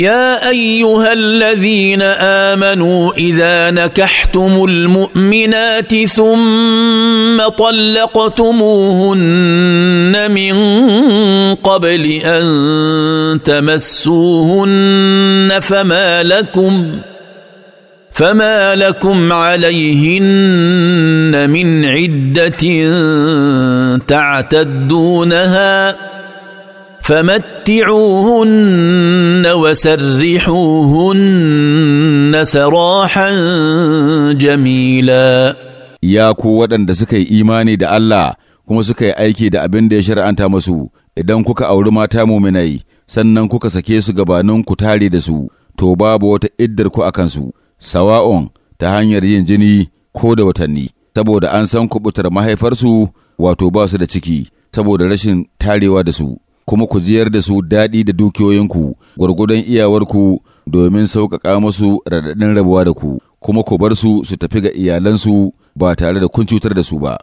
يا ايها الذين امنوا اذا نكحتم المؤمنات ثم طلقتموهن من قبل ان تمسوهن فما لكم فما لكم عليهن من عده تعتدونها فمتعوهن وسرحوهن سراحا جميلا يا ku waɗanda suka yi imani da Allah kuma suka yi aiki da abin da ya shari'anta masu idan kuka auri mata muminai sannan kuka sake su gabanin ku tare da su to babu wata iddar ku akan su sawa'un ta hanyar yin jini ko da watanni saboda an san kubutar mahaifarsu wato basu da ciki saboda rashin tarewa da su kuma ku jiyar da su daɗi da dukiyoyinku gwargwadon iyawarku domin sauƙaƙa musu raɗaɗin rabuwa da ku, kuma ku bar su su tafi ga iyalansu ba tare da kun cutar da su ba.